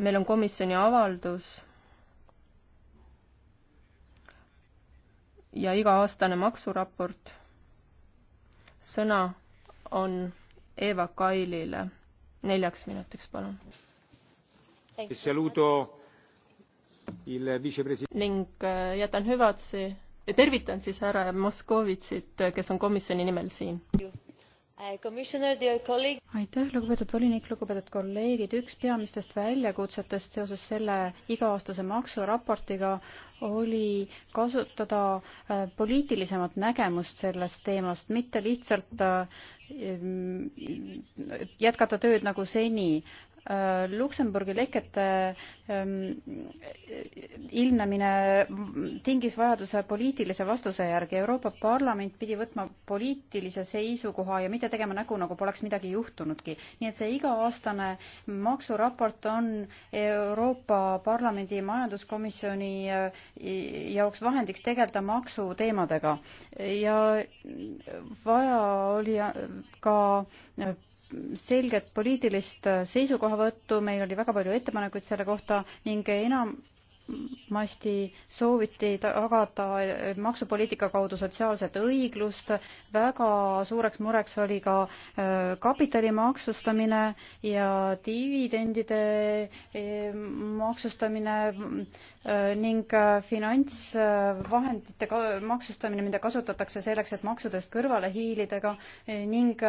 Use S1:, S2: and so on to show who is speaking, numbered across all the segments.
S1: meil on komisjoni avaldus ja iga-aastane maksuraport. sõna on Eva Kailile. neljaks minutiks, palun. ning äh, jätan hüvatsi, tervitan siis härra Moskovitsit, kes on komisjoni nimel siin.
S2: Uh, aitäh, lugupeetud volinik, lugupeetud kolleegid, üks peamistest väljakutsetest seoses selle iga-aastase maksuraportiga oli kasutada äh, poliitilisemat nägemust sellest teemast, mitte lihtsalt äh, jätkata tööd nagu seni. Äh, Luksemburgi lekete ähm, ilmnemine tingis vajaduse poliitilise vastuse järgi. Euroopa Parlament pidi võtma poliitilise seisukoha ja mitte tegema nägu, nagu poleks midagi juhtunudki. nii et see iga-aastane maksuraport on Euroopa Parlamendi majanduskomisjoni äh, jaoks vahendiks tegeleda maksuteemadega ja vaja oli äh, ka selget poliitilist seisukohavõttu, meil oli väga palju ettepanekuid selle kohta ning enam masti sooviti tagada maksupoliitika kaudu sotsiaalset õiglust, väga suureks mureks oli ka äh, kapitali maksustamine ja dividendide äh, maksustamine äh, ning finantsvahendite maksustamine, mida kasutatakse selleks, et maksudest kõrvale hiilidega ning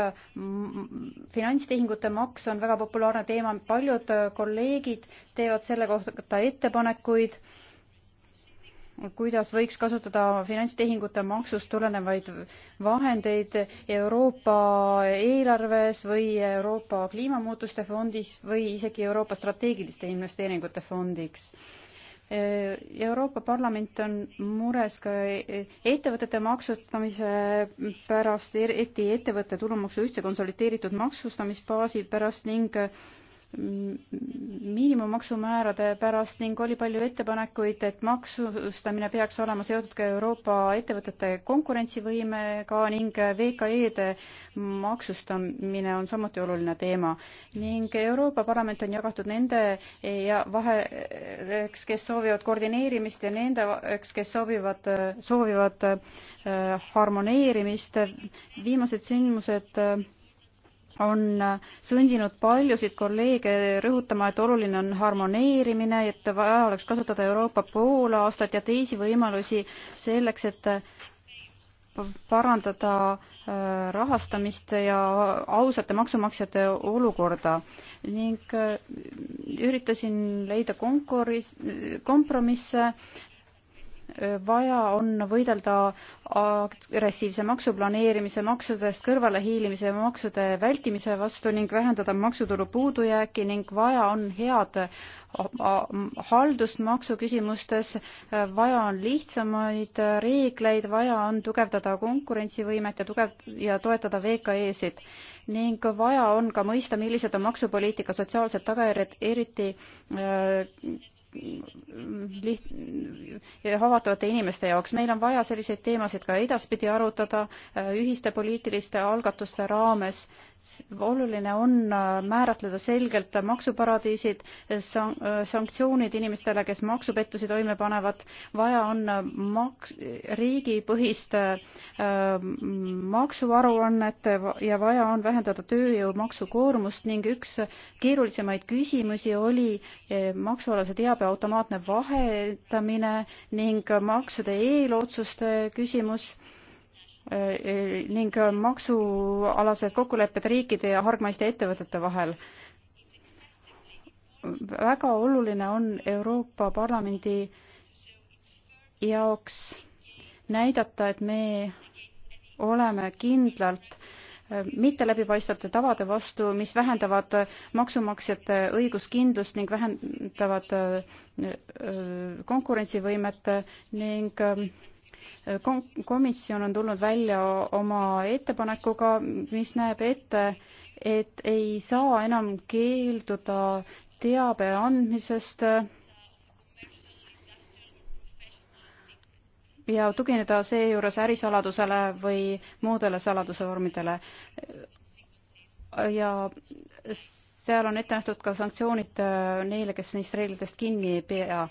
S2: finantstehingute maks on väga populaarne teema, paljud kolleegid teevad selle kohta ettepanekuid, kuid kuidas võiks kasutada finantstehingute maksust tulenevaid vahendeid Euroopa eelarves või Euroopa kliimamuutuste fondis või isegi Euroopa strateegiliste investeeringute fondiks. Euroopa Parlament on mures ka ettevõtete maksustamise pärast, eriti ettevõtte tulumaksu ühtse konsolideeritud maksustamisbaasi pärast ning miinimummaksumäärade pärast ning oli palju ettepanekuid, et maksustamine peaks olema seotud ka Euroopa ettevõtete konkurentsivõimega ning VKE-de maksustamine on samuti oluline teema. ning Euroopa Parlament on jagatud nende ja vaheks, kes soovivad koordineerimist ja nendeks, kes soovivad, soovivad äh, harmoneerimist. viimased sündmused äh, on äh, sundinud paljusid kolleege rõhutama, et oluline on harmoneerimine, et vaja oleks kasutada Euroopa poolaastat ja teisi võimalusi selleks, et äh, parandada äh, rahastamist ja ausate maksumaksjate olukorda ning üritasin leida konkuris, kompromisse vaja on võidelda agressiivse maksuplaneerimise, maksudest kõrvalehiilimise ja maksude vältimise vastu ning vähendada maksutulu puudujääki ning vaja on head haldust maksuküsimustes, vaja on lihtsamaid reegleid, vaja on tugevdada konkurentsivõimet ja tugev- ja toetada VKE-sid ning vaja on ka mõista, millised on maksupoliitika sotsiaalsed tagajärjed, eriti äh, liht-, haavatavate inimeste jaoks. meil on vaja selliseid teemasid ka edaspidi arutada äh, ühiste poliitiliste algatuste raames oluline on äh, määratleda selgelt maksuparadiisid, äh, sanktsioonid inimestele, kes maksupettusi toime panevad, vaja on äh, maks-, riigipõhist maksuaruannet ja vaja on vähendada tööjõu maksukoormust ning üks keerulisemaid küsimusi oli maksualase teabe automaatne vahetamine ning maksude eelotsuste küsimus ning maksualased kokkulepped riikide ja hargmaiste ettevõtete vahel. väga oluline on Euroopa Parlamendi jaoks näidata, et me oleme kindlalt mitte läbipaistvate tavade vastu, mis vähendavad maksumaksjate õiguskindlust ning vähendavad konkurentsivõimet ning komisjon on tulnud välja oma ettepanekuga, mis näeb ette, et ei saa enam keelduda teabe andmisest ja tugineda seejuures ärisaladusele või muudele saladuse vormidele. ja seal on ette nähtud ka sanktsioonid neile, kes neist reeglitest kinni ei pea.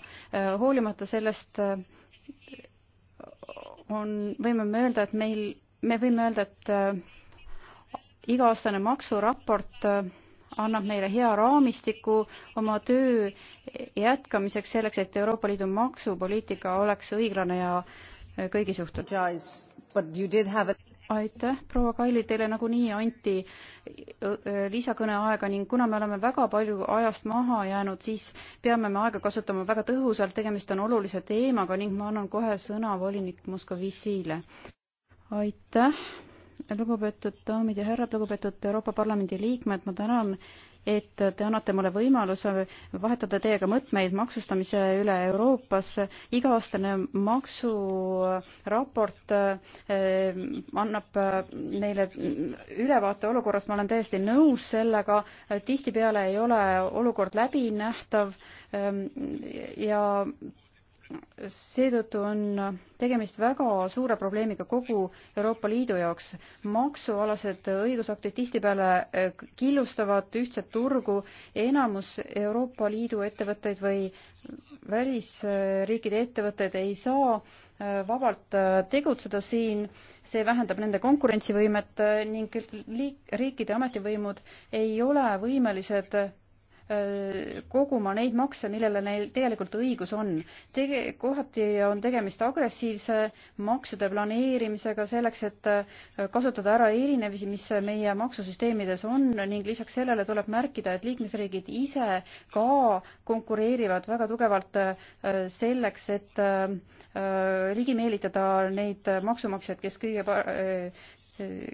S2: hoolimata sellest on, võime me öelda, et meil, me võime öelda, et äh, iga-aastane maksuraport äh, annab meile hea raamistiku oma töö jätkamiseks selleks, et Euroopa Liidu maksupoliitika oleks õiglane ja äh, kõigi suhtes aitäh, proua Kaili, teile nagunii anti lisakõneaega ning kuna me oleme väga palju ajast maha jäänud, siis peame me aega kasutama väga tõhusalt, tegemist on olulise teemaga ning ma annan kohe sõna volinik Moskovicile. aitäh, lugupeetud daamid ja härrad, lugupeetud Euroopa Parlamendi liikmed, ma tänan et te annate mulle võimaluse vahetada teiega mõtmeid maksustamise üle Euroopas. iga-aastane maksuraport eh, annab eh, meile ülevaate olukorrast, ma olen täiesti nõus sellega, tihtipeale ei ole olukord läbinähtav eh, ja seetõttu on tegemist väga suure probleemiga kogu Euroopa Liidu jaoks. maksualased õigusaktid tihtipeale eh, killustavad ühtset turgu ja enamus Euroopa Liidu ettevõtteid või välisriikide ettevõtteid ei saa eh, vabalt eh, tegutseda siin, see vähendab nende konkurentsivõimet ning liik-, riikide ametivõimud ei ole võimelised koguma neid makse, millele neil tegelikult õigus on. tege-, kohati on tegemist agressiivse maksude planeerimisega selleks, et kasutada ära erinevusi, mis meie maksusüsteemides on ning lisaks sellele tuleb märkida, et liikmesriigid ise ka konkureerivad väga tugevalt selleks, et ligi meelitada neid maksumaksjaid, kes kõige,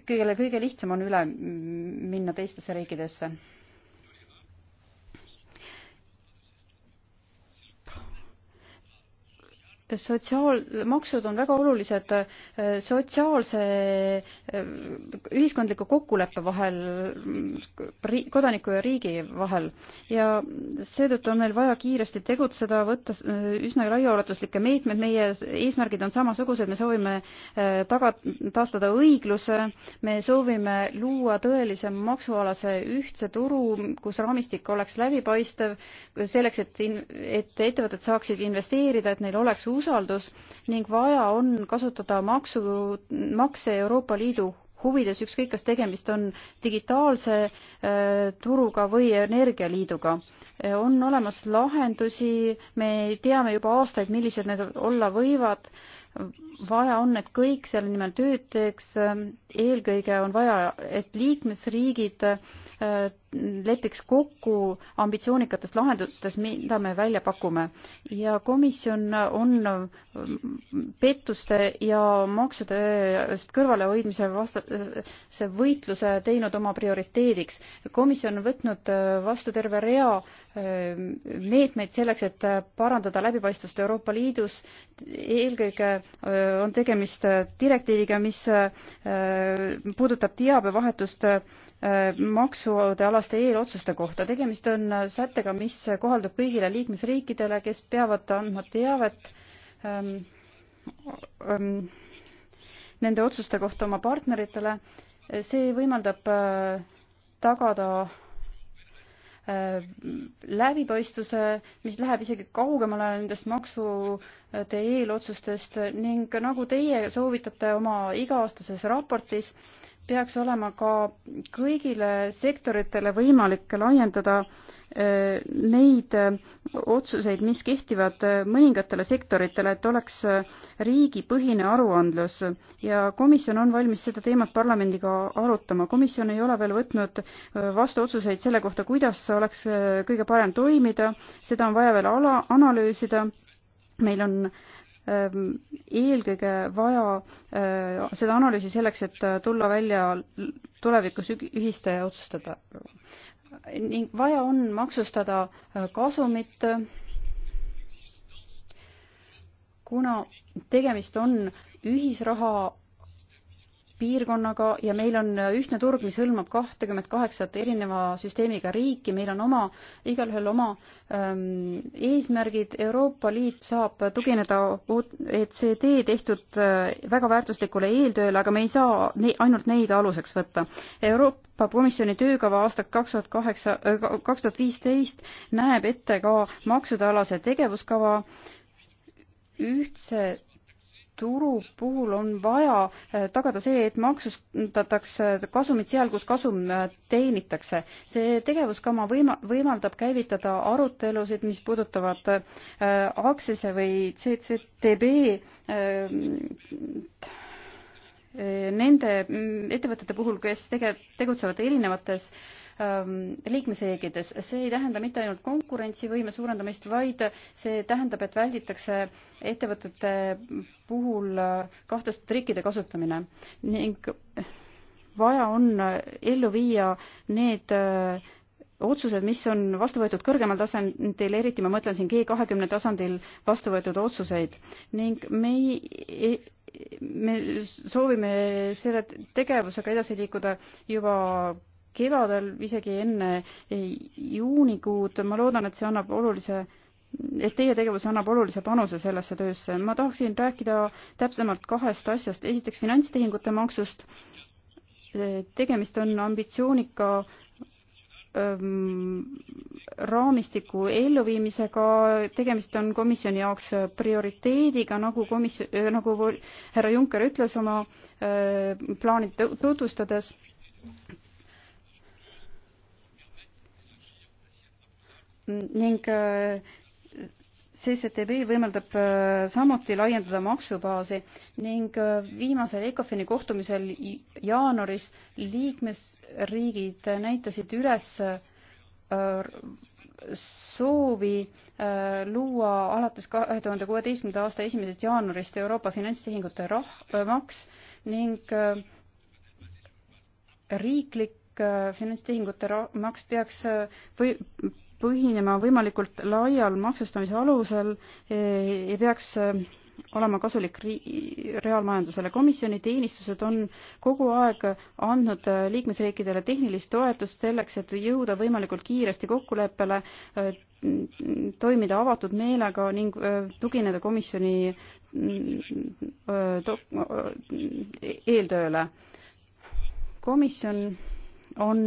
S2: kellel kõige lihtsam on üle minna teistesse riikidesse sotsiaalmaksud on väga olulised äh, sotsiaalse äh, ühiskondliku kokkuleppe vahel kodaniku ja riigi vahel ja seetõttu on meil vaja kiiresti tegutseda, võtta äh, üsna laiaulatuslikke meetmeid, meie eesmärgid on samasugused, me soovime taga, taastada õigluse, me soovime luua tõelise maksualase ühtse turu, kus raamistik oleks läbipaistev, selleks et, et ettevõtted saaksid investeerida, et neil oleks uus usaldus ning vaja on kasutada maksu, makse Euroopa Liidu huvides, ükskõik kas tegemist on digitaalse äh, turuga või energialiiduga. Äh, on olemas lahendusi, me teame juba aastaid, millised need olla võivad vaja on, et kõik selle nimel tööd teeks, eelkõige on vaja, et liikmesriigid äh, lepiks kokku ambitsioonikates lahendustes, mida me välja pakume. ja komisjon on äh, pettuste ja maksudest kõrvalehoidmise vastase võitluse teinud oma prioriteediks. komisjon on võtnud äh, vastu terve rea meetmeid selleks, et parandada läbipaistvust Euroopa Liidus, eelkõige on tegemist äh, direktiiviga, mis äh, puudutab teabevahetust äh, maksude alaste eelotsuste kohta. tegemist on sättega, mis kohaldub kõigile liikmesriikidele, kes peavad andma teavet ähm, ähm, nende otsuste kohta oma partneritele. see võimaldab tagada Äh, läbipaistvuse, mis läheb isegi kaugemale nendest maksude eelotsustest ning nagu teie soovitate oma iga-aastases raportis äh,, peaks olema ka kõigile sektoritele võimalik laiendada eh, neid eh, otsuseid, mis kehtivad eh, mõningatele sektoritele, et oleks riigipõhine aruandlus ja komisjon on valmis seda teemat parlamendiga arutama. komisjon ei ole veel võtnud vastu otsuseid selle kohta, kuidas oleks kõige parem toimida, seda on vaja veel ala, analüüsida. meil on äh, Ehm, eelkõige vaja ehm, seda analüüsi selleks, et äh, tulla välja tulevikus ühiste otsustada. ning vaja on maksustada äh, kasumit, kuna tegemist on ühisraha piirkonnaga ja meil on ühtne turg, mis hõlmab kahtekümmet kaheksat erineva süsteemiga riiki, meil on oma, igalühel oma ähm, eesmärgid, Euroopa Liit saab tugineda OECD tehtud äh, väga väärtuslikule eeltööle, aga me ei saa ne ainult neid aluseks võtta. Euroopa Komisjoni töökava aastat kaks tuhat kaheksa, äh, kaks tuhat viisteist näeb ette ka maksudealase tegevuskava ühtse turu puhul on vaja eh, tagada see, et maksustatakse kasumit seal, kus kasum eh, teenitakse. see tegevuskama võima-, võimaldab käivitada arutelusid, mis puudutavad äh, aktsiase või CCTB äh, nende mm, ettevõtete puhul, kes tege-, tegutsevad erinevates ähm, liikmesriikides, see ei tähenda mitte ainult konkurentsivõime suurendamist, vaid see tähendab, et välditakse ettevõtete puhul äh, kahtlaste trikkide kasutamine ning vaja on äh, ellu viia need äh, otsused, mis on vastu võetud kõrgemal tasandil, eriti ma mõtlen siin G kahekümne tasandil vastu võetud otsuseid ning me ei, me soovime selle tegevusega edasi liikuda juba kevadel, isegi enne juunikuud, ma loodan, et see annab olulise et teie tegevus annab olulise panuse sellesse töösse. ma tahaksin rääkida täpsemalt kahest asjast. esiteks finantstehingute maksust. tegemist on ambitsioonika raamistiku elluviimisega, tegemist on komisjoni jaoks prioriteediga, nagu komisjon, nagu härra Juncker ütles oma plaani tutvustades. ning CCTB võimaldab äh, samuti laiendada maksubaasi ning äh, viimasel ECOFIN-i kohtumisel jaanuaris liikmesriigid näitasid üles äh, soovi luua alates kahe tuhande kuueteistkümnenda aasta esimesest jaanuarist Euroopa finantstehingute rah-, maks ning riiklik finantstehingute maks peaks või põhinema võimalikult laial maksustamise alusel eh, ja peaks eh, olema kasulik reaalmajandusele. komisjoni teenistused on kogu aeg andnud eh, liikmesriikidele tehnilist toetust selleks, et jõuda võimalikult kiiresti kokkuleppele, toimida avatud meelega ning tugineda komisjoni mm, mm, mm, eeltööle. komisjon on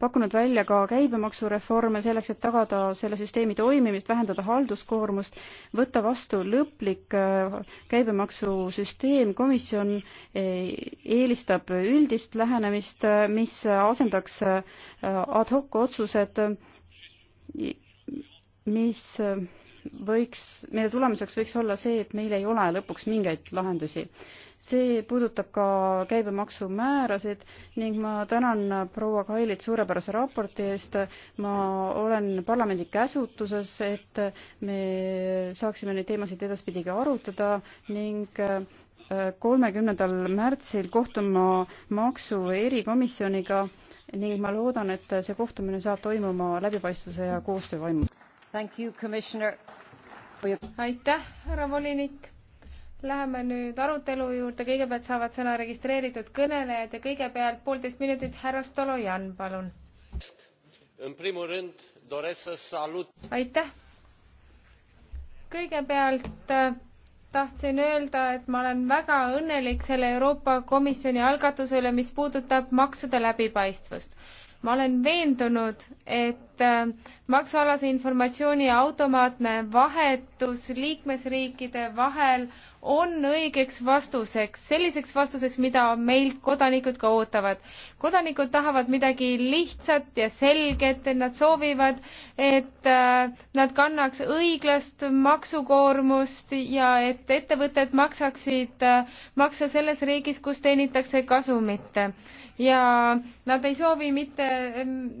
S2: pakkunud välja ka käibemaksureforme selleks, et tagada selle süsteemi toimimist, vähendada halduskoormust, võtta vastu lõplik äh, käibemaksusüsteem. komisjon äh, eelistab üldist lähenemist, äh, mis asendaks ad hoc otsused, mis võiks, mille tulemuseks võiks olla see, et meil ei ole lõpuks mingeid lahendusi see puudutab ka käibemaksumäärasid ning ma tänan proua Kailit suurepärase raporti eest. ma olen parlamendi käsutuses, et me saaksime neid teemasid edaspidigi arutada ning äh, kolmekümnendal märtsil kohtun ma maksu erikomisjoniga ning ma loodan, et see kohtumine saab toimuma läbipaistvuse ja koostöö vaimus.
S3: aitäh, härra
S2: volinik
S3: Läheme nüüd arutelu juurde, kõigepealt saavad sõna registreeritud kõnelejad ja kõigepealt poolteist minutit, härra Stolojan, palun. aitäh. kõigepealt äh, tahtsin öelda, et ma olen väga õnnelik selle Euroopa Komisjoni algatuse üle, mis puudutab maksude läbipaistvust. ma olen veendunud, et Äh, maksualase informatsiooni automaatne vahetus liikmesriikide vahel on õigeks vastuseks, selliseks vastuseks, mida meilt kodanikud ka ootavad. kodanikud tahavad midagi lihtsat ja selget, et nad soovivad, et äh, nad kannaks õiglast maksukoormust ja et ettevõtted maksaksid äh, makse selles riigis, kus teenitakse kasumit. ja nad ei soovi mitte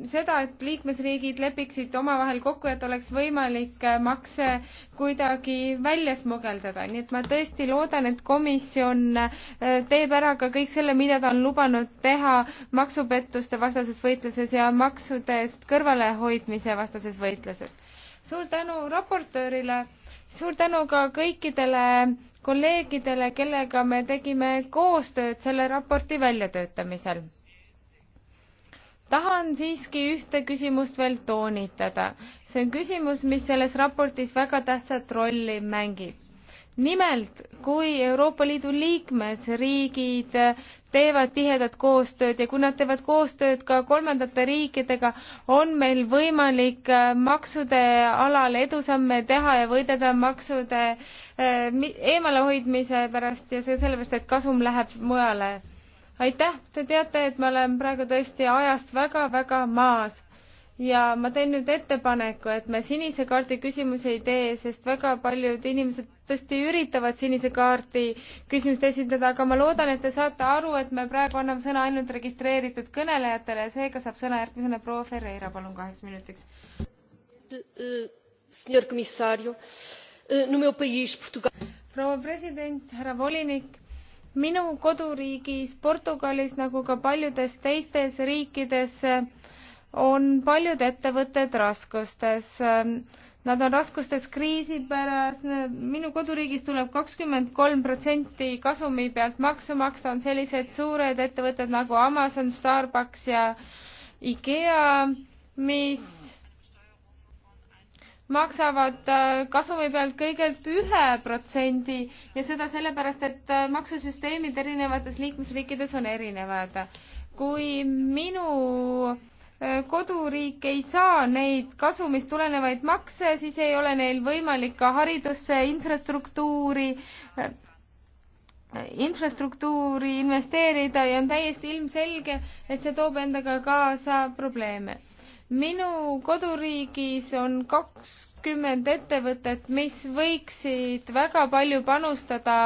S3: seda, et liikmesriigid liikmesriigid lepiksid omavahel kokku, et oleks võimalik äh, makse kuidagi välja smugeldada, nii et ma tõesti loodan, et komisjon äh, teeb ära ka kõik selle, mida ta on lubanud teha maksupettuste vastases võitluses ja maksudest kõrvalehoidmise vastases võitluses. suur tänu raportöörile suur tänu ka kõikidele kolleegidele, kellega me tegime koostööd selle raporti väljatöötamisel tahan siiski ühte küsimust veel toonitada. see on küsimus, mis selles raportis väga tähtsat rolli mängib. nimelt, kui Euroopa Liidu liikmesriigid teevad tihedat koostööd ja kui nad teevad koostööd ka kolmandate riikidega, on meil võimalik äh, maksude alal edusamme teha ja võidelda maksude äh, eemalehoidmise pärast ja see sellepärast, et kasum läheb mujale aitäh, te teate, et ma olen praegu tõesti ajast väga-väga maas ja ma teen nüüd ettepaneku, et me sinise kaardi küsimusi ei tee, sest väga paljud inimesed tõesti üritavad sinise kaardi küsimust esitada, aga ma loodan, et te saate aru, et me praegu anname sõna ainult registreeritud kõnelejatele ja seega saab sõna järgmisena proua Ferreira, palun kaheks minutiks.
S2: E, e, proua
S3: president, härra volinik minu koduriigis Portugalis nagu ka paljudes teistes riikides on paljud ettevõtted raskustes. Nad on raskustes kriisi pärast, minu koduriigis tuleb kakskümmend kolm protsenti kasumi pealt maksu maksta, on sellised suured ettevõtted nagu Amazon, Starbucks ja IKEA, mis maksavad äh, kasumi pealt kõigelt ühe protsendi ja seda sellepärast, et äh, maksusüsteemid erinevates liikmesriikides on erinevad. kui minu äh, koduriik ei saa neid kasumist tulenevaid makse, siis ei ole neil võimalik ka haridusse, infrastruktuuri, infrastruktuuri investeerida ja on täiesti ilmselge, et see toob endaga kaasa probleeme minu koduriigis on kakskümmend ettevõtet, mis võiksid väga palju panustada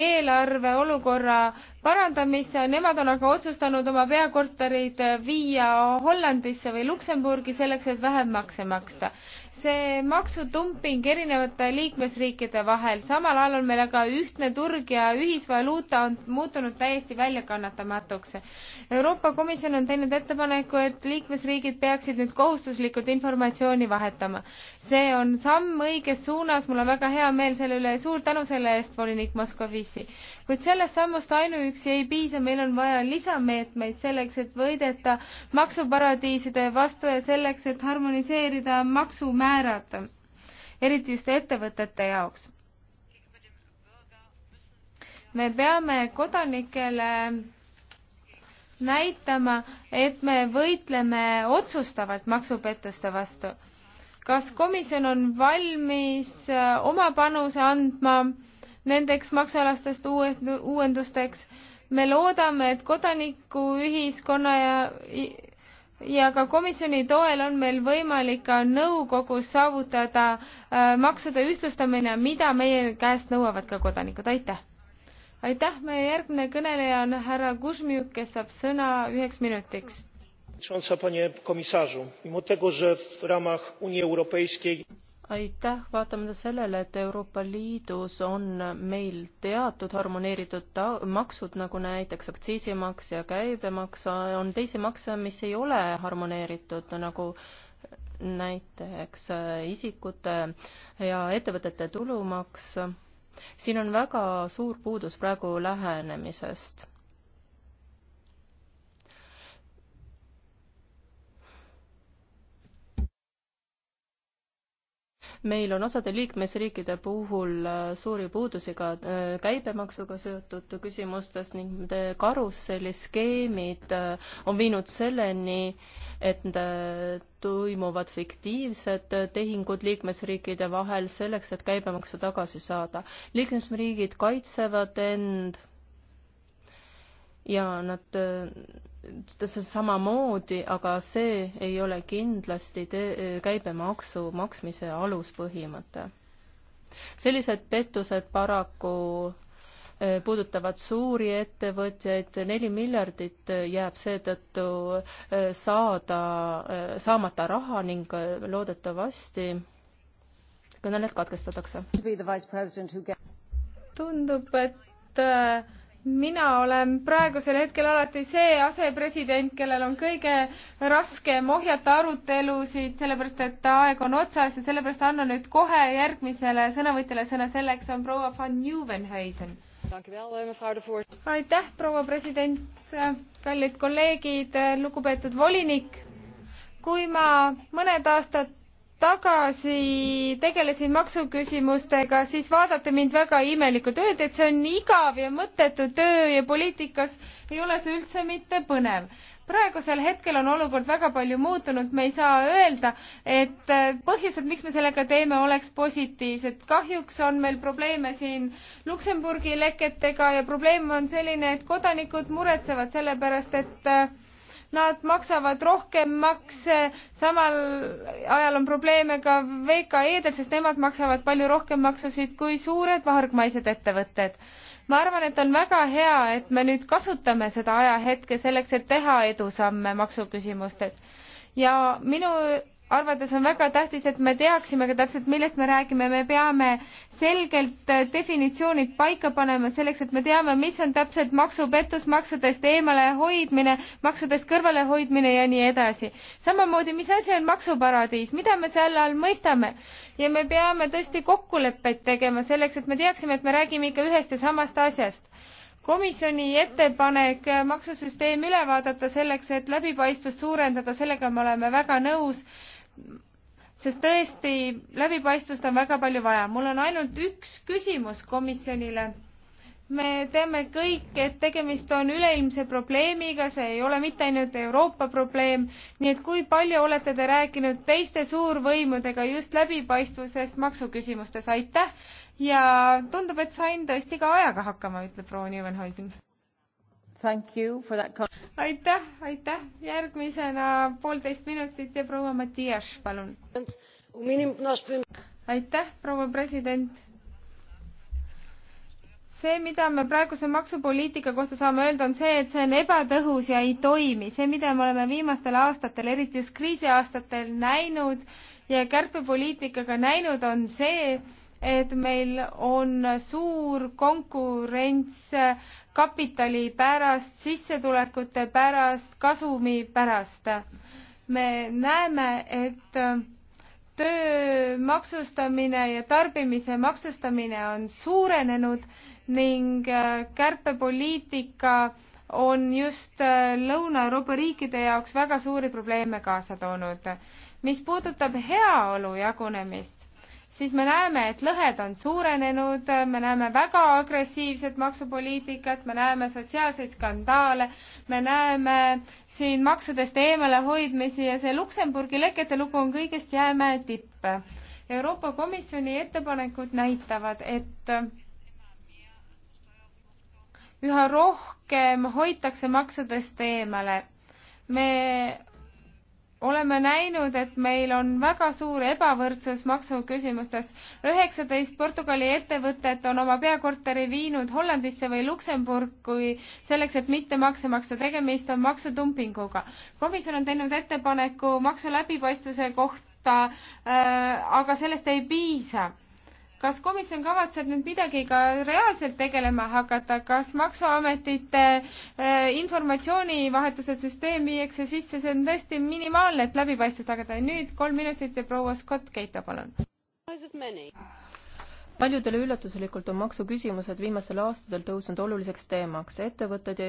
S3: eelarve olukorra parandamisse, nemad on aga otsustanud oma peakorterid viia Hollandisse või Luksemburgi selleks, et vähem makse maksta. see maksutumping erinevate liikmesriikide vahel, samal ajal on meil aga ühtne turg ja ühisvaluuta on muutunud täiesti väljakannatamatuks. Euroopa Komisjon on teinud ettepaneku, et liikmesriigid peaksid nüüd kohustuslikult informatsiooni vahetama. see on samm õiges suunas, mul on väga hea meel selle üle ja suur tänu selle eest, volinik Moskovici. kuid sellest sammust ainuüksi üksi ei piisa, meil on vaja lisameetmeid selleks, et võidelda maksuparadiiside vastu ja selleks, et harmoniseerida maksumäärad, eriti just ettevõtete jaoks. me peame kodanikele näitama, et me võitleme otsustavalt maksupettuste vastu. kas komisjon on valmis oma panuse andma? nendeks maksualastest uuendusteks. me loodame, et kodanikuühiskonna ja ja ka komisjoni toel on meil võimalik ka nõukogus saavutada äh, maksude ühtlustamine, mida meie käest nõuavad ka kodanikud, aitäh! aitäh, meie järgmine kõneleja on härra Kuzmiuk, kes saab sõna
S1: üheks minutiks aitäh, vaatamata sellele, et Euroopa Liidus on meil teatud harmoneeritud ta-, maksud, nagu näiteks aktsiisimaks ja käibemaks, on teisi makse, mis ei ole harmoneeritud, nagu näiteks äh, isikute ja ettevõtete tulumaks. siin on väga suur puudus praegu lähenemisest meil on osade liikmesriikide puhul äh, suuri puudusi ka äh, käibemaksuga seotud küsimustes ning karusselliskeemid äh, on viinud selleni, et toimuvad fiktiivsed tehingud liikmesriikide vahel selleks, et käibemaksu tagasi saada. liikmesriigid kaitsevad end ja nad äh, samamoodi, aga see ei ole kindlasti te-, äh, käibemaksu maksmise aluspõhimõte. sellised pettused paraku äh, puudutavad suuri ettevõtjaid, neli miljardit jääb seetõttu saada, saamata raha ning loodetavasti kõneled katkestatakse.
S3: tundub, et mina olen praegusel hetkel alati see asepresident, kellel on kõige raskem ohjata arutelusid, sellepärast et aeg on otsas ja sellepärast annan nüüd kohe järgmisele sõnavõtjale sõna, selleks on proua van Nieuwenhuisen. aitäh, proua president, kallid kolleegid, lugupeetud volinik. kui ma mõned aastad tagasi tegelesin maksuküsimustega, siis vaadati mind väga imelikult, öeldi, et see on igav ja mõttetu töö ja poliitikas ei ole see üldse mitte põnev. praegusel hetkel on olukord väga palju muutunud, me ei saa öelda, et äh, põhjused, miks me sellega teeme, oleks positiivsed. kahjuks on meil probleeme siin Luksemburgi leketega ja probleem on selline, et kodanikud muretsevad selle pärast, et äh, Nad maksavad rohkem makse, samal ajal on probleeme ka VKE-del, sest nemad maksavad palju rohkem maksusid kui suured hargmaised ettevõtted. ma arvan, et on väga hea, et me nüüd kasutame seda ajahetke selleks, et teha edusamme maksuküsimustes ja minu arvates on väga tähtis, et me teaksime ka täpselt, millest me räägime, me peame selgelt äh, definitsioonid paika panema selleks, et me teame, mis on täpselt maksupettus, maksudest eemalehoidmine, maksudest kõrvalehoidmine ja nii edasi. samamoodi, mis asi on maksuparadiis, mida me selle all mõistame ja me peame tõesti kokkuleppeid tegema selleks, et me teaksime, et me räägime ikka ühest ja samast asjast komisjoni ettepanek maksusüsteem üle vaadata selleks, et läbipaistvust suurendada, sellega me oleme väga nõus, sest tõesti, läbipaistvust on väga palju vaja. mul on ainult üks küsimus komisjonile. me teame kõik, et tegemist on üleilmse probleemiga, see ei ole mitte ainult Euroopa probleem, nii et kui palju olete te rääkinud teiste suurvõimudega just läbipaistvusest maksuküsimustes, aitäh! ja tundub, et sain tõesti ka ajaga hakkama, ütleb proua Neuwenhuisen. aitäh, aitäh, järgmisena poolteist minutit ja proua Matias, palun. aitäh, proua president see, mida me praeguse maksupoliitika kohta saame öelda, on see, et see on ebatõhus ja ei toimi. see, mida me oleme viimastel aastatel, eriti just kriisiaastatel näinud ja kärpepoliitikaga näinud, on see, et meil on suur konkurents kapitali pärast, sissetulekute pärast, kasumi pärast. me näeme, et töö maksustamine ja tarbimise maksustamine on suurenenud ning äh, kärpepoliitika on just äh, Lõuna-Euroopa riikide jaoks väga suuri probleeme kaasa toonud. mis puudutab heaolu jagunemist, siis me näeme, et lõhed on suurenenud, me näeme väga agressiivset maksupoliitikat, me näeme sotsiaalseid skandaale, me näeme siin maksudest eemalehoidmisi ja see Luksemburgi lekete lugu on kõigest jäämäe tipp. Euroopa Komisjoni ettepanekud näitavad, et üha rohkem hoitakse maksudest eemale. me oleme näinud, et meil on väga suur ebavõrdsus maksuküsimustes. üheksateist Portugali ettevõtet on oma peakorteri viinud Hollandisse või Luksemburgi selleks, et mitte makse maksta. tegemist on maksudumpinguga. komisjon on teinud ettepaneku maksu läbipaistvuse kohta, äh, aga sellest ei piisa kas komisjon kavatseb nüüd midagi ka reaalselt tegelema hakata, kas Maksuametite eh, informatsioonivahetuse süsteem viiakse sisse, see on tõesti minimaalne, et läbipaistvust tagada. nüüd kolm minutit ja proua Scott
S1: Keita, palun paljudele üllatuslikult on maksuküsimused viimastel aastatel tõusnud oluliseks teemaks. ettevõtted ja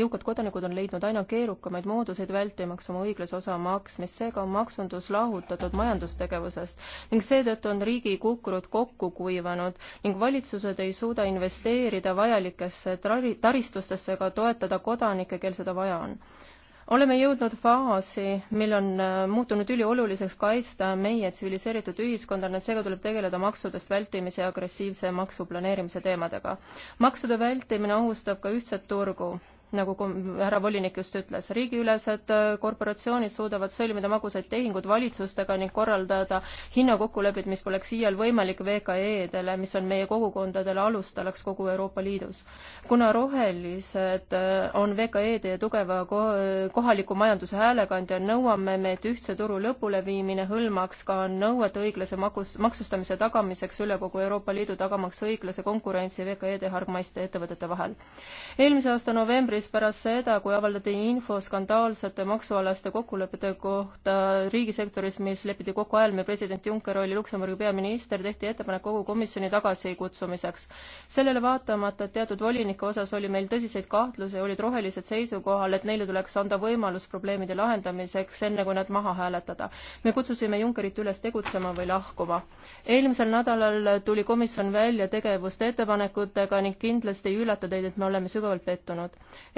S1: jõukad kodanikud on leidnud aina keerukamaid mooduseid vältimaks oma õiglase osa maksmist, seega on maksundus lahutatud majandustegevusest ning seetõttu on riigi kukrunud kokku kuivanud ning valitsused ei suuda investeerida vajalikesse taristustesse ega toetada kodanikke, kel seda vaja on oleme jõudnud faasi, mil on äh, muutunud ülioluliseks kaitsta meie tsiviliseeritud ühiskondadena, seega tuleb tegeleda maksudest vältimise ja agressiivse maksuplaneerimise teemadega. maksude vältimine ohustab ka ühtset turgu nagu härra volinik just ütles, riigiülesed äh, korporatsioonid suudavad sõlmida magusaid tehinguid valitsustega ning korraldada hinnakokkulepped, mis poleks iial võimalik VKE-dele, mis on meie kogukondadele alustalaks kogu Euroopa Liidus. kuna rohelised äh, on VKE-de ja tugeva kohaliku majanduse häälekandja, nõuame me, et ühtse turu lõpuleviimine hõlmaks ka nõuete õiglase magus, maksustamise tagamiseks üle kogu Euroopa Liidu, tagamaks õiglase konkurentsi VKE-de hargmaiste ettevõtete vahel. eelmise aasta novembris siis pärast seda, kui avaldati info skandaalsete maksualaste kokkulepete kohta riigisektoris, mis lepiti kokku ajal, mil president Juncker oli Luksemburgi peaminister, tehti ettepanek kogu komisjoni tagasikutsumiseks. sellele vaatamata teatud volinike osas oli meil tõsiseid kahtlusi, olid rohelised seisukohal, et neile tuleks anda võimalus probleemide lahendamiseks, enne kui nad maha hääletada. me kutsusime Junckerit üles tegutsema või lahkuma. eelmisel nädalal tuli komisjon välja tegevuste ettepanekutega ning kindlasti ei üllata teid, et me oleme sügavalt pettunud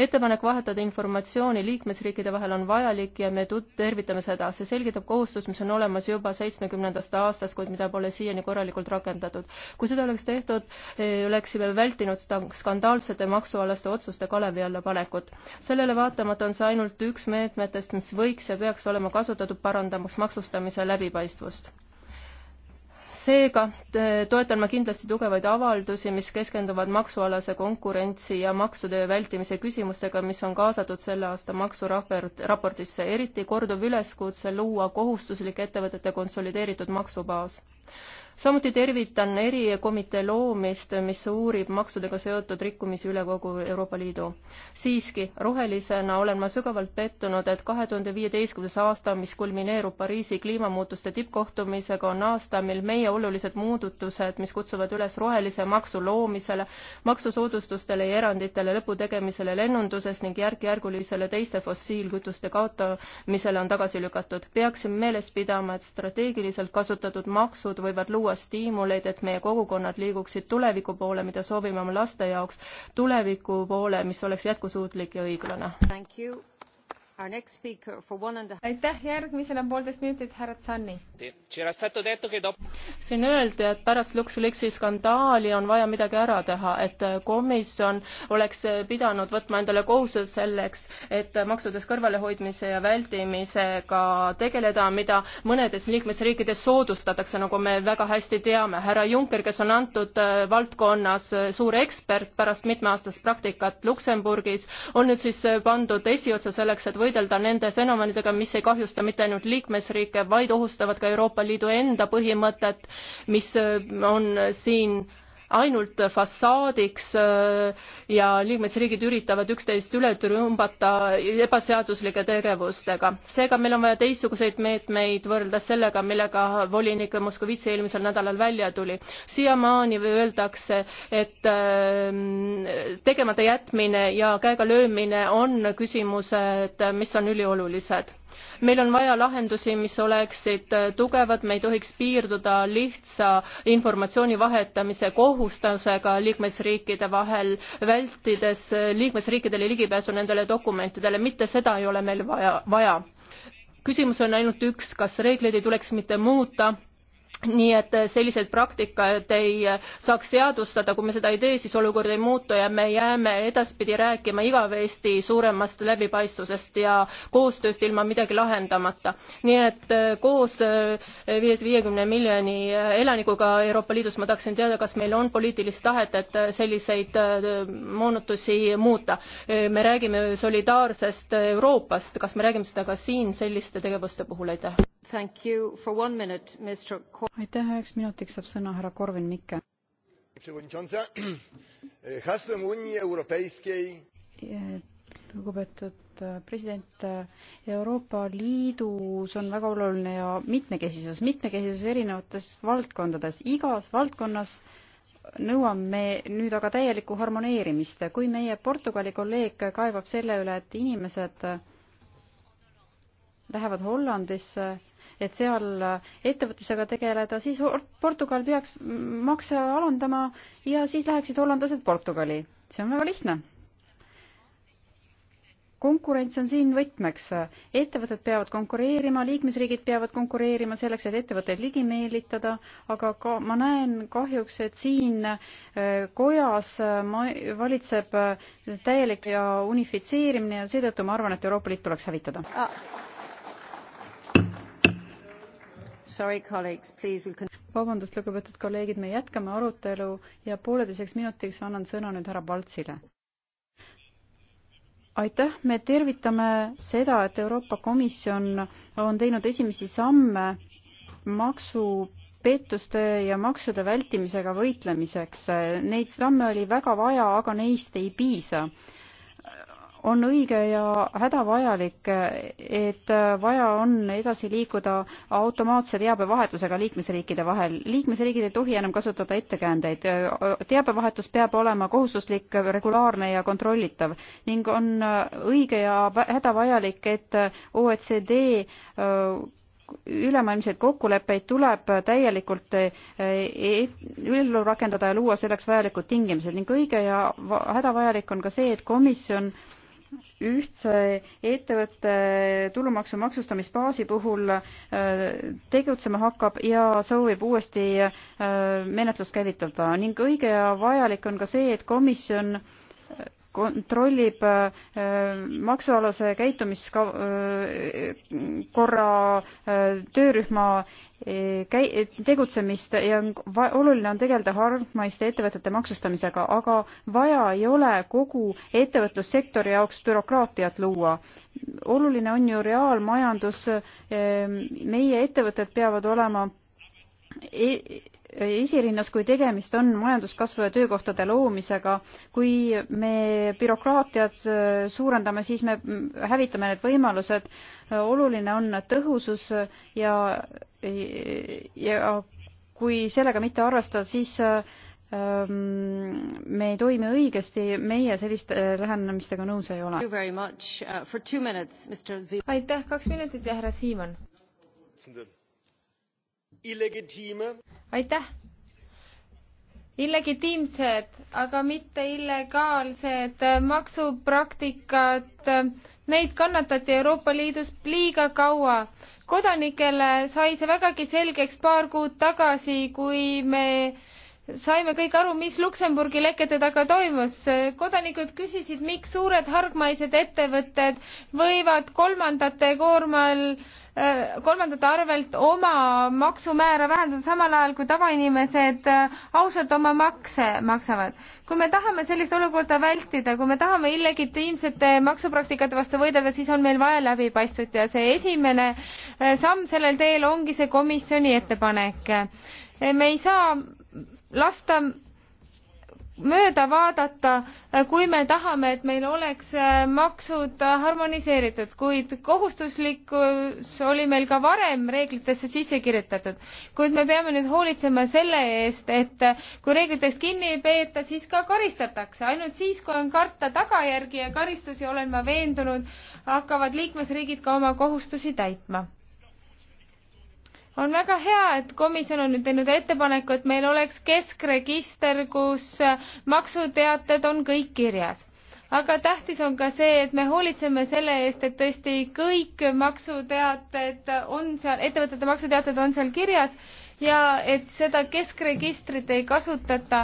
S1: ettepanek vahetada informatsiooni liikmesriikide vahel on vajalik ja me tut-, tervitame seda. see selgitab kohustust, mis on olemas juba seitsmekümnendast aastast, kuid mida pole siiani korralikult rakendatud. kui seda oleks tehtud, eh, oleksime vältinud seda skandaalsete maksualaste otsuste kalevi alla panekut. sellele vaatamata on see ainult üks meetmetest, mis võiks ja peaks olema kasutatud parandamaks maksustamise läbipaistvust seega toetan ma kindlasti tugevaid avaldusi, mis keskenduvad maksualase konkurentsi ja maksude vältimise küsimustega, mis on kaasatud selle aasta maksuraportisse, eriti korduv üleskutse luua kohustuslik ettevõtete konsolideeritud maksubaas samuti tervitan erikomitee loomist, mis uurib maksudega seotud rikkumisi üle kogu Euroopa Liidu. siiski, rohelisena olen ma sügavalt pettunud, et kahe tuhande viieteistkümnes aasta, mis kulmineerub Pariisi kliimamuutuste tippkohtumisega, on aasta, mil meie olulised muudatused, mis kutsuvad üles rohelise maksu loomisele, maksusoodustustele ja eranditele lõpu tegemisele lennunduses ning järk-järgulisele teiste fossiilkütuste kaotamisele on tagasi lükatud. peaksime meeles pidama, et strateegiliselt kasutatud maksud võivad luua luua stiimuleid, et meie kogukonnad liiguksid tuleviku poole, mida soovime oma laste jaoks, tuleviku poole, mis oleks jätkusuutlik ja õiglane
S3: aitäh, järgmisena poolteist minutit, härra Tsanni.
S1: siin öeldi, et pärast LuxLeaksi skandaali on vaja midagi ära teha, et komisjon oleks pidanud võtma endale kohustuse selleks, et maksudest kõrvalehoidmise ja vältimisega tegeleda, mida mõnedes liikmesriikides soodustatakse, nagu me väga hästi teame. härra Juncker, kes on antud äh, valdkonnas äh, suur ekspert pärast mitmeaastast praktikat Luksemburgis, on nüüd siis äh, pandud esiotsa selleks, et võidelda nende fenomenidega, mis ei kahjusta mitte ainult liikmesriike, vaid ohustavad ka Euroopa Liidu enda põhimõtet, mis äh, on siin äh, ainult fassaadiks äh, ja liikmesriigid üritavad üksteist üle tõmbata ebaseaduslike tegevustega. seega meil on vaja teistsuguseid meetmeid võrreldes sellega, millega volinik Moskovitši eelmisel nädalal välja tuli. siiamaani öeldakse, et ähm, tegemata jätmine ja käega löömine on küsimused, mis on üliolulised meil on vaja lahendusi, mis oleksid äh, tugevad, me ei tohiks piirduda lihtsa informatsiooni vahetamise kohustusega liikmesriikide vahel, vältides äh, liikmesriikidele ligipääsu nendele dokumentidele, mitte seda ei ole meil vaja, vaja. küsimus on ainult üks, kas reegleid ei tuleks mitte muuta nii et eh, selliseid praktikaid ei eh, saaks seadustada, kui me seda ei tee, siis olukord ei muutu ja me jääme edaspidi rääkima igavesti suuremast läbipaistvusest ja koostööst ilma midagi lahendamata. nii et eh, koos viies viiekümne miljoni elanikuga Euroopa Liidus ma tahaksin teada, kas meil on poliitilist tahet, et selliseid moonutusi muuta. me räägime solidaarsest Euroopast, kas me räägime seda ka siin selliste tegevuste puhul, aitäh? aitäh,
S2: üheks minutiks saab sõna
S1: härra Korvin Mikke.
S2: E, lugupeetud e, president, e, Euroopa Liidus on väga oluline ja mitmekesisus, mitmekesisus erinevates valdkondades, igas valdkonnas nõuame nüüd aga täielikku harmoneerimist. kui meie Portugali kolleeg kaebab selle üle, et inimesed lähevad Hollandisse et seal ettevõtlusega tegeleda, siis Portugal peaks makse alandama ja siis läheksid hollandlased Portugali. see on väga lihtne. konkurents on siin võtmeks. ettevõtted peavad konkureerima, liikmesriigid peavad konkureerima selleks, et ettevõtteid ligi meelitada, aga ka ma näen kahjuks, et siin äh, kojas äh, ma, valitseb äh, täielik ja unifitseerimine ja seetõttu ma arvan, et Euroopa Liit tuleks hävitada ah vabandust, lugupeetud kolleegid, me jätkame arutelu ja pooleteiseks minutiks annan sõna nüüd härra Paltsile. aitäh, me tervitame seda, et Euroopa Komisjon on teinud esimesi samme maksupettuste ja maksude vältimisega võitlemiseks. Neid samme oli väga vaja, aga neist ei piisa on õige ja hädavajalik, et vaja on edasi liikuda automaatse teabevahetusega liikmesriikide vahel. liikmesriigid ei tohi enam kasutada ettekäändeid. teabevahetus peab olema kohustuslik, regulaarne ja kontrollitav ning on õige ja hädavajalik, et OECD äh, ülemaailmseid kokkuleppeid tuleb täielikult äh, e-, ellu rakendada ja luua selleks vajalikud tingimused ning õige ja hädavajalik on ka see, et komisjon äh, ühtse ettevõtte tulumaksu maksustamisbaasi puhul äh, tegutsema hakkab ja soovib uuesti äh, menetlust käivitada ning õige ja vajalik on ka see, et komisjon kontrollib äh, maksualase käitumiskorra äh, äh, töörühma käi-, tegutsemist ja oluline on tegeleda hargmaiste ettevõtete maksustamisega, aga vaja ei ole kogu ettevõtlussektori jaoks bürokraatiat luua. oluline on ju reaalmajandus, meie ettevõtted peavad olema e esirinnas, kui tegemist on majanduskasvu ja töökohtade loomisega. kui me bürokraatiat äh, suurendame, siis me hävitame need võimalused. oluline on tõhusus ja, ja kui sellega mitte arvestada, siis ähm, me ei toimi õigesti, meie selliste äh, lähenemistega nõus ei ole.
S1: Uh,
S3: aitäh, kaks minutit ja härra Siimann aitäh! illegitiimsed, aga mitte illegaalsed maksupraktikad, neid kannatati Euroopa Liidus liiga kaua. kodanikele sai see vägagi selgeks paar kuud tagasi, kui me saime kõik aru, mis Luksemburgi lekete taga toimus. kodanikud küsisid, miks suured hargmaised ettevõtted võivad kolmandate koormal äh, Äh, kolmandate arvelt oma maksumäära vähendada, samal ajal kui tavainimesed äh, ausalt oma makse maksavad. kui me tahame sellist olukorda vältida, kui me tahame illegitiimsete maksupraktikate vastu võidelda, siis on meil vaja läbipaistvat ja see esimene äh, samm sellel teel ongi see komisjoni ettepanek. me ei saa lasta mööda vaadata, kui me tahame, et meil oleks äh, maksud harmoniseeritud, kuid kohustuslikkus oli meil ka varem reeglitesse sisse kirjutatud. kuid me peame nüüd hoolitsema selle eest, et kui reeglitest kinni ei peeta, siis ka karistatakse. ainult siis, kui on karta tagajärgi ja karistusi, olen ma veendunud, hakkavad liikmesriigid ka oma kohustusi täitma on väga hea, et komisjon on nüüd teinud ettepaneku, et meil oleks keskregister, kus maksuteated on kõik kirjas. aga tähtis on ka see, et me hoolitseme selle eest, et tõesti kõik maksuteated on seal, ettevõtete maksuteated on seal kirjas ja et seda keskregistrit ei kasutata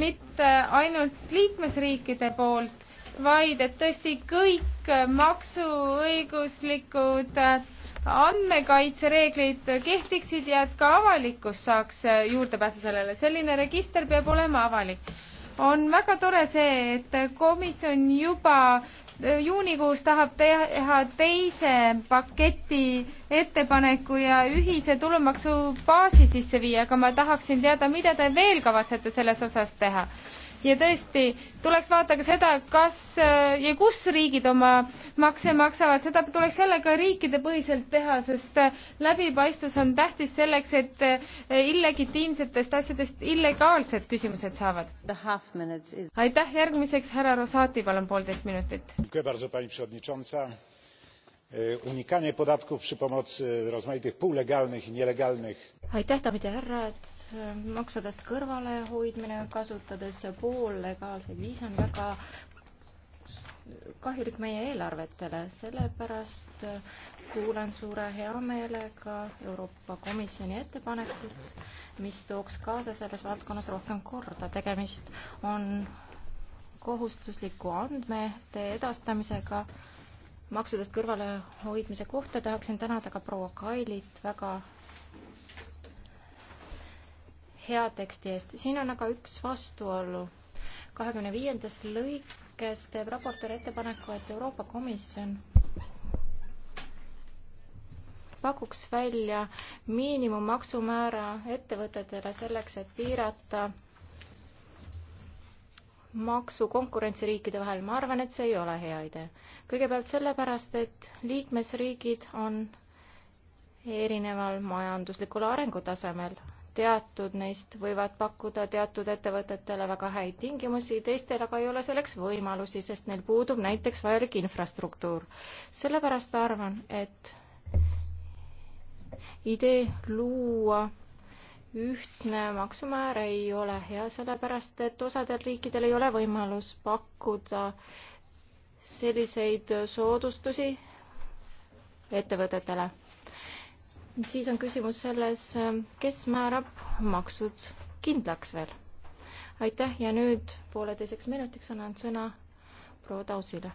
S3: mitte ainult liikmesriikide poolt, vaid et tõesti kõik maksuõiguslikud äh, andmekaitsereeglid kehtiksid ja et ka avalikkus saaks äh, juurdepääsu sellele. selline register peab olema avalik. on väga tore see, et komisjon juba äh, juunikuus tahab teha teise paketi ettepaneku ja ühise tulumaksubaasi sisse viia, aga ma tahaksin teada, mida te veel kavatsete selles osas teha ja tõesti, tuleks vaadata ka seda, kas äh, ja kus riigid oma makse maksavad, seda tuleks sellega riikidepõhiselt teha, sest äh, läbipaistvus on tähtis selleks, et äh, illegitiimsetest asjadest illegaalsed küsimused saavad. aitäh, järgmiseks härra Rosati, palun poolteist minutit.
S1: E, unikanie podatków przy pomocy rozmaitych półlegalnych i nielegalnych
S4: aitäh daamid ja härrad maksudest kõrvalehoidmine kasutades poollegaalseid viise on väga kahjulik meie eelarvetele sellepärast kuulan suure heameelega Euroopa Komisjoni ettepanekut mis tooks kaasa selles valdkonnas rohkem korda tegemist on kohustusliku andmete edastamisega maksudest kõrvalehoidmise kohta tahaksin tänada ka proua Kailit väga hea teksti eest. siin on aga üks vastuolu. kahekümne viiendas lõikes teeb raportöör ettepaneku, et Euroopa Komisjon pakuks välja miinimummaksumäära ettevõtetele selleks, et piirata maksukonkurentsi riikide vahel, ma arvan, et see ei ole hea idee. kõigepealt sellepärast, et liikmesriigid on erineval majanduslikul arengutasemel. teatud neist võivad pakkuda teatud ettevõtetele väga häid tingimusi, teistel aga ei ole selleks võimalusi, sest neil puudub näiteks vajalik infrastruktuur. sellepärast arvan, et idee luua ühtne maksumäär ei ole hea, sellepärast et osadel riikidel ei ole võimalus pakkuda selliseid soodustusi ettevõtetele. siis on küsimus selles, kes määrab maksud kindlaks veel. aitäh ja nüüd pooleteiseks minutiks annan sõna proua Tausile.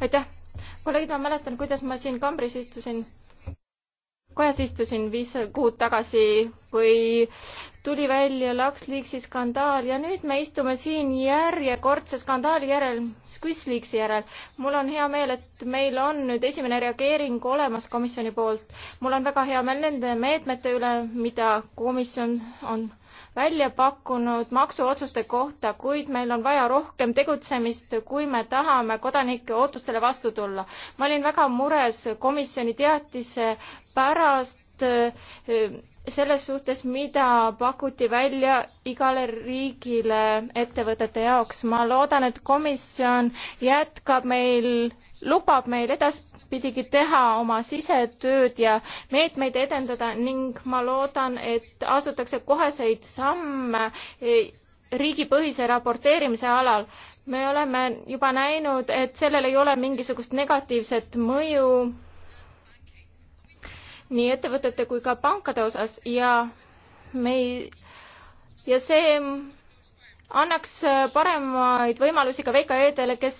S4: aitäh kolleegid, ma mäletan, kuidas ma siin kambris istusin, kojas istusin viis kuud tagasi, kui tuli välja LuxLeaksi skandaal ja nüüd me istume siin järjekordse skandaali järel, SquishLeaksi järel. mul on hea meel, et meil on nüüd esimene reageering olemas komisjoni poolt. mul on väga hea meel nende meetmete üle, mida komisjon on välja pakkunud maksuotsuste kohta, kuid meil on vaja rohkem tegutsemist, kui me tahame kodanike ootustele vastu tulla. ma olin väga mures komisjoni teatise pärast selles suhtes, mida pakuti välja igale riigile ettevõtete jaoks. ma loodan, et komisjon jätkab meil, lubab meil edaspidigi teha oma sisetööd ja meetmeid edendada ning ma loodan, et astutakse koheseid samme riigipõhise raporteerimise alal. me oleme juba näinud, et sellel ei ole mingisugust negatiivset mõju nii ettevõtete kui ka pankade osas ja me ei, ja see annaks paremaid võimalusi ka VKE-dele, kes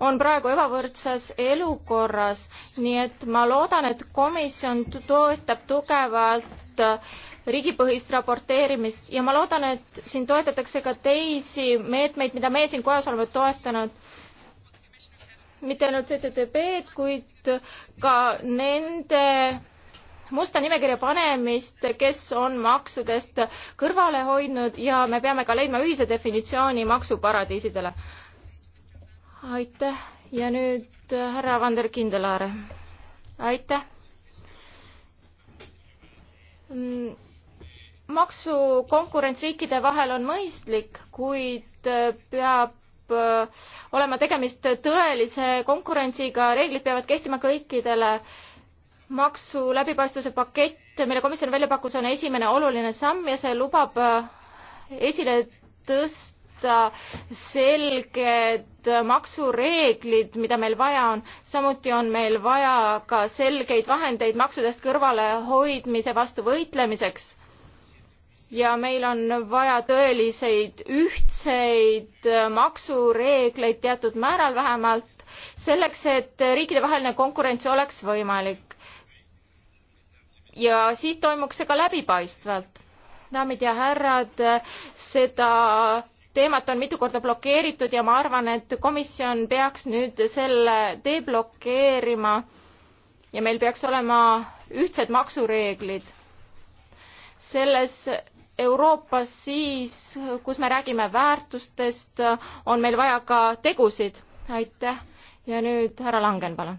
S4: on praegu ebavõrdses elukorras. nii et ma loodan, et komisjon toetab tugevalt riigipõhist raporteerimist ja ma loodan, et siin toetatakse ka teisi meetmeid, mida meie siin kojas oleme toetanud. mitte ainult CCTB-d, kuid ka nende musta nimekirja panemist, kes on maksudest kõrvale hoidnud ja me peame ka leidma ühise definitsiooni maksuparadiisidele. aitäh ja nüüd äh, härra Vander Kindelaare. aitäh. Mm, maksukonkurents riikide vahel on mõistlik, kuid äh, peab äh, olema tegemist tõelise konkurentsiga, reeglid peavad kehtima kõikidele äh, maksu läbipaistvuse pakett, mille komisjon välja pakkus, on esimene oluline samm ja see lubab äh, esile tõsta selged maksureeglid, mida meil vaja on. samuti on meil vaja ka selgeid vahendeid maksudest kõrvalehoidmise vastu võitlemiseks. ja meil on vaja tõeliseid ühtseid äh, maksureegleid teatud määral vähemalt, selleks et riikidevaheline konkurents oleks võimalik ja siis toimuks see ka läbipaistvalt. daamid ja härrad, seda teemat on mitu korda blokeeritud ja ma arvan, et komisjon peaks nüüd selle deblokeerima ja meil peaks olema ühtsed maksureeglid. selles Euroopas siis, kus me räägime väärtustest, on meil vaja ka tegusid. aitäh ja nüüd härra Langen, palun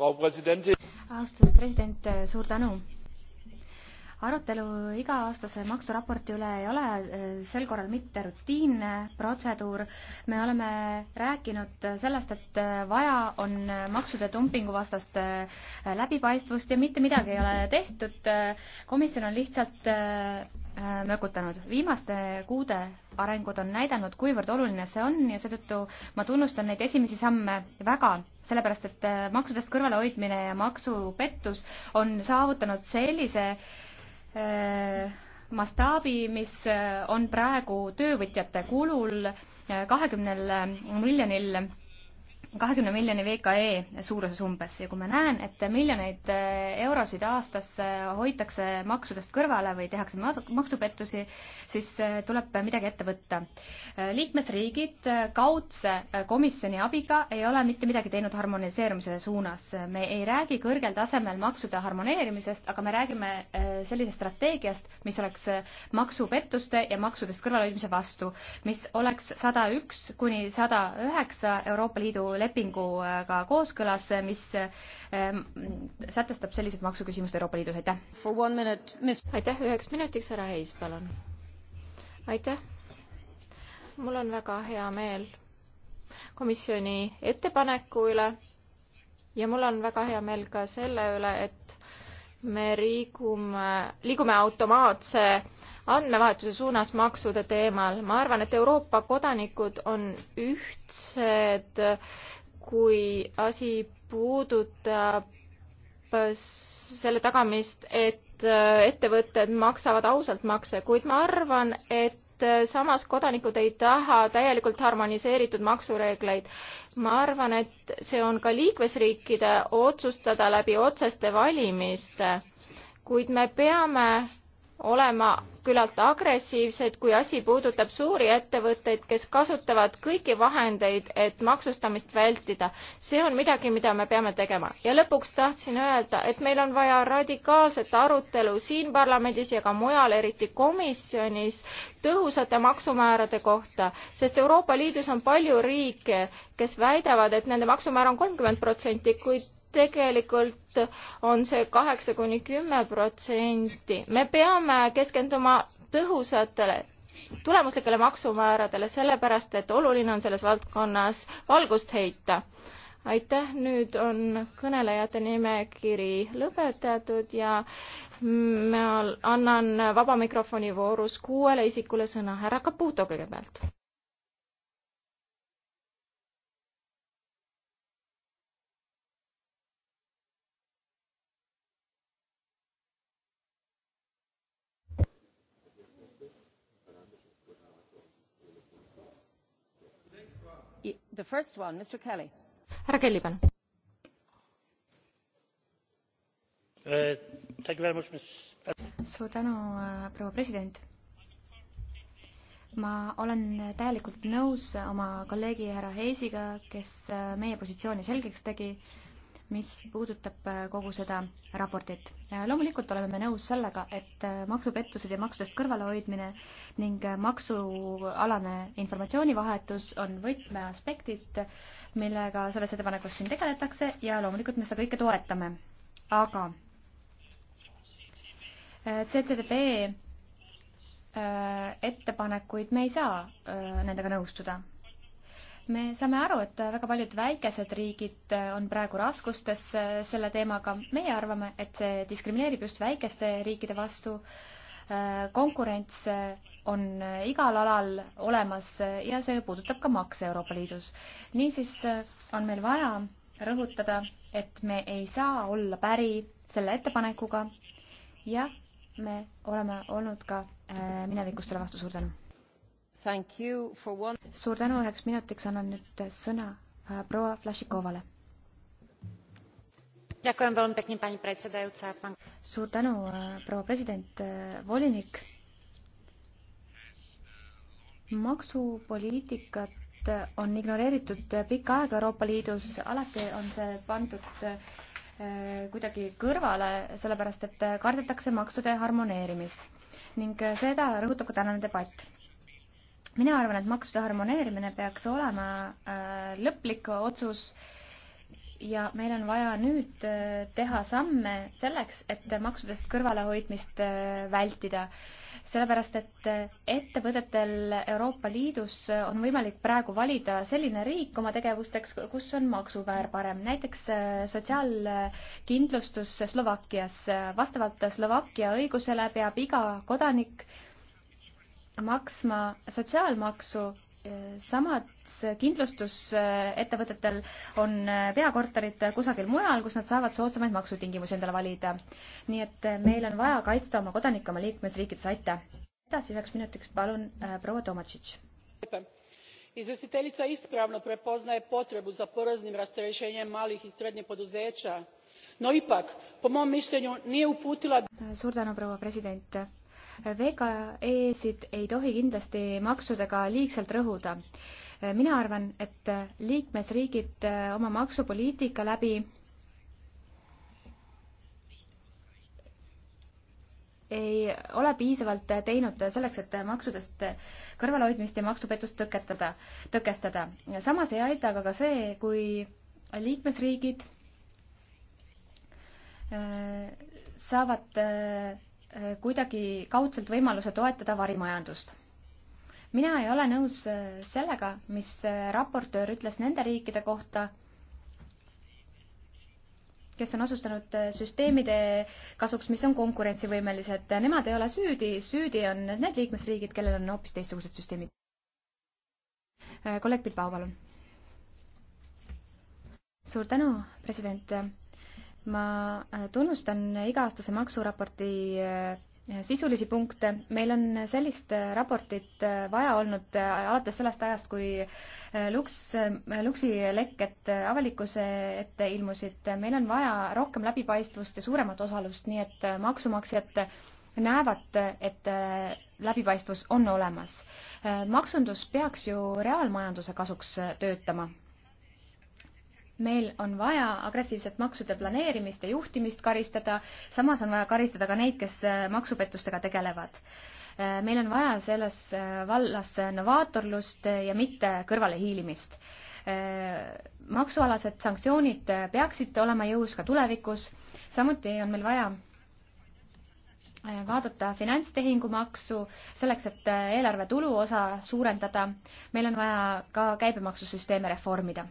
S3: austatud
S4: president, suur tänu arutelu
S5: iga-aastase maksuraporti üle ei ole eh, sel korral mitte rutiinne protseduur. me oleme rääkinud sellest, et eh, vaja on eh, maksude dumpingu vastast läbipaistvust ja mitte midagi ei ole tehtud. komisjon on lihtsalt Äh, mökutanud. viimaste kuude arengud on näidanud, kuivõrd oluline see on ja seetõttu ma tunnustan neid esimesi samme väga, sellepärast et äh, maksudest kõrvalehoidmine ja maksupettus on saavutanud sellise äh, mastaabi, mis äh, on praegu töövõtjate kulul kahekümnel miljonil kahekümne miljoni VKE suuruses umbes ja kui ma näen, et miljoneid äh, eurosid aastas äh, hoitakse maksudest kõrvale või tehakse maksupettusi, siis äh, tuleb midagi ette võtta. liikmesriigid kaudse komisjoni abiga ei ole mitte midagi teinud harmoniseerumise suunas. me ei räägi kõrgel tasemel maksude harmoneerimisest, aga me räägime sellisest strateegiast, mis oleks maksupettuste ja maksudest kõrvalehoidmise vastu, mis oleks sada üks kuni sada üheksa Euroopa Liidu lepinguga kooskõlas, mis ehm, sätestab sellised maksuküsimused Euroopa Liidus, aitäh! aitäh, üheks
S4: minutiks härra Heis, palun! aitäh! mul on väga hea meel komisjoni ettepaneku üle ja mul on väga hea meel ka selle üle, et me liigume, liigume automaatse andmevahetuse suunas maksude teemal. ma arvan, et Euroopa kodanikud on ühtsed, kui asi puudutab selle tagamist, et äh, ettevõtted maksavad ausalt makse, kuid ma arvan, et äh, samas kodanikud ei taha täielikult harmoniseeritud maksureegleid. ma arvan, et see on ka liikmesriikide otsustada läbi otseste valimiste, kuid me peame olema küllalt agressiivsed, kui asi puudutab suuri ettevõtteid, kes kasutavad kõiki vahendeid, et maksustamist vältida. see on midagi, mida me peame tegema. ja lõpuks tahtsin öelda, et meil on vaja radikaalset arutelu siin parlamendis ja ka mujal, eriti komisjonis, tõhusate maksumäärade kohta, sest Euroopa Liidus on palju riike, kes väidavad, et nende maksumäär on kolmkümmend protsenti, kuid tegelikult on see kaheksa kuni kümme protsenti. me peame keskenduma tõhusatele tulemuslikele maksumääradele, sellepärast et oluline on selles valdkonnas valgust heita. aitäh, nüüd on kõnelejate nimekiri lõpetatud ja ma annan vaba mikrofoni voorus kuuele isikule sõna. härra Caputo kõigepealt härra kelly palun! Uh,
S5: suur tänu uh, proua president! ma olen täielikult nõus oma kolleegi härra haysiga kes uh, meie positsiooni selgeks tegi mis puudutab äh, kogu seda raportit. Äh, loomulikult oleme me nõus sellega, et äh, maksupettused ja maksudest kõrvalehoidmine ning maksualane informatsioonivahetus on võtmeaspektid, millega selles ettepanekus siin tegeletakse ja loomulikult me seda kõike toetame. aga CCTB ettepanekuid me ei saa nendega nõustuda me saame aru, et väga paljud väikesed riigid on praegu raskustes äh, selle teemaga. meie arvame, et see diskrimineerib just väikeste riikide vastu. Äh, konkurents äh, on igal alal olemas ja see puudutab ka makse Euroopa Liidus. niisiis on meil vaja rõhutada, et me ei saa olla päri selle ettepanekuga ja me oleme olnud ka minevikus selle vastu suur tänu One... suur tänu, üheks minutiks annan nüüd sõna äh, proua Flašikovale. suur tänu, äh, proua president, äh, volinik. maksupoliitikat on ignoreeritud pikka aega Euroopa Liidus, alati on see pandud kuidagi kõrvale, sellepärast et kardetakse maksude harmoneerimist. ning seda rõhutab ka tänane debatt mina arvan, et maksude harmoneerimine peaks olema äh, lõplik otsus ja meil on vaja nüüd äh, teha samme selleks, et maksudest kõrvalehoidmist äh, vältida. sellepärast, et ettevõtetel Euroopa Liidus on võimalik praegu valida selline riik oma tegevusteks, kus on maksuväär parem. näiteks sotsiaalkindlustus Slovakkias. vastavalt Slovakkia õigusele peab iga kodanik maksma sotsiaalmaksu samad kindlustusettevõtetel on peakorterid kusagil mujal, kus nad saavad soodsamaid maksutingimusi endale valida. nii et meil on vaja kaitsta oma kodanikke oma liikmesriikides, aitäh. edasi üheks minutiks palun äh, proua Tomatšitš.
S1: Izvjestiteljica
S2: ispravno prepoznaje potrebu za poreznim rasterećenjem malih i srednjih poduzeća,
S5: no ipak, po mom mišljenju, nije uputila... Suur tänu, proua president VKE-sid ei tohi kindlasti maksudega liigselt rõhuda. mina arvan, et liikmesriigid äh, oma maksupoliitika läbi ei ole piisavalt teinud selleks, et maksudest kõrvalehoidmist ja maksupettust tõketada, tõkestada. samas ei aita aga ka see, kui liikmesriigid äh, saavad äh, Äh, kuidagi kaudselt võimaluse toetada varimajandust. mina ei ole nõus äh, sellega, mis äh, raportöör ütles nende riikide kohta, kes on osustanud süsteemide kasuks, mis on konkurentsivõimelised, nemad ei ole süüdi, süüdi on need liikmesriigid, kellel on hoopis teistsugused süsteemid. kolleeg Bilbao, palun. suur tänu, president ma äh, tunnustan iga-aastase maksuraporti äh, sisulisi punkte. meil on sellist äh, raportit vaja olnud alates sellest ajast, kui Lux, Luxi lekked avalikkuse ette ilmusid. meil on vaja rohkem läbipaistvust ja suuremat osalust, nii et maksumaksjad näevad, et läbipaistvus on olemas. maksundus peaks ju reaalmajanduse kasuks töötama meil on vaja agressiivset maksude planeerimist ja juhtimist karistada, samas on vaja karistada ka neid, kes äh, maksupettustega tegelevad. Äh, meil on vaja selles äh, vallas novaatorlust ja mitte kõrvalehiilimist. maksualased sanktsioonid peaksid olema jõus ka tulevikus, samuti on meil vaja vaadata finantstehingumaksu selleks, et eelarve tuluosa suurendada. meil on vaja ka käibemaksusüsteeme reformida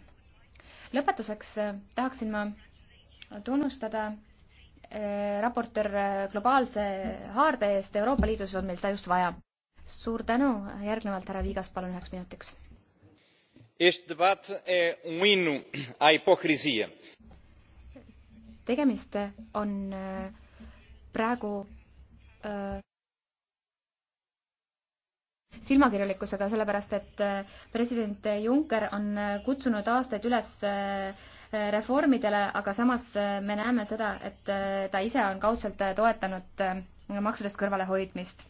S5: lõpetuseks äh, tahaksin ma tunnustada äh, raportöör äh, globaalse haarde eest Euroopa Liidus on meil seda just vaja. suur tänu, järgnevalt härra Viigas, palun üheks minutiks.
S2: Um
S5: tegemist on praegu silmakirjalikkusega, sellepärast et äh, president Juncker on äh, kutsunud aastaid üles äh, reformidele, aga samas me näeme seda, et ta ise on kaudselt toetanud maksudest kõrvalehoidmist.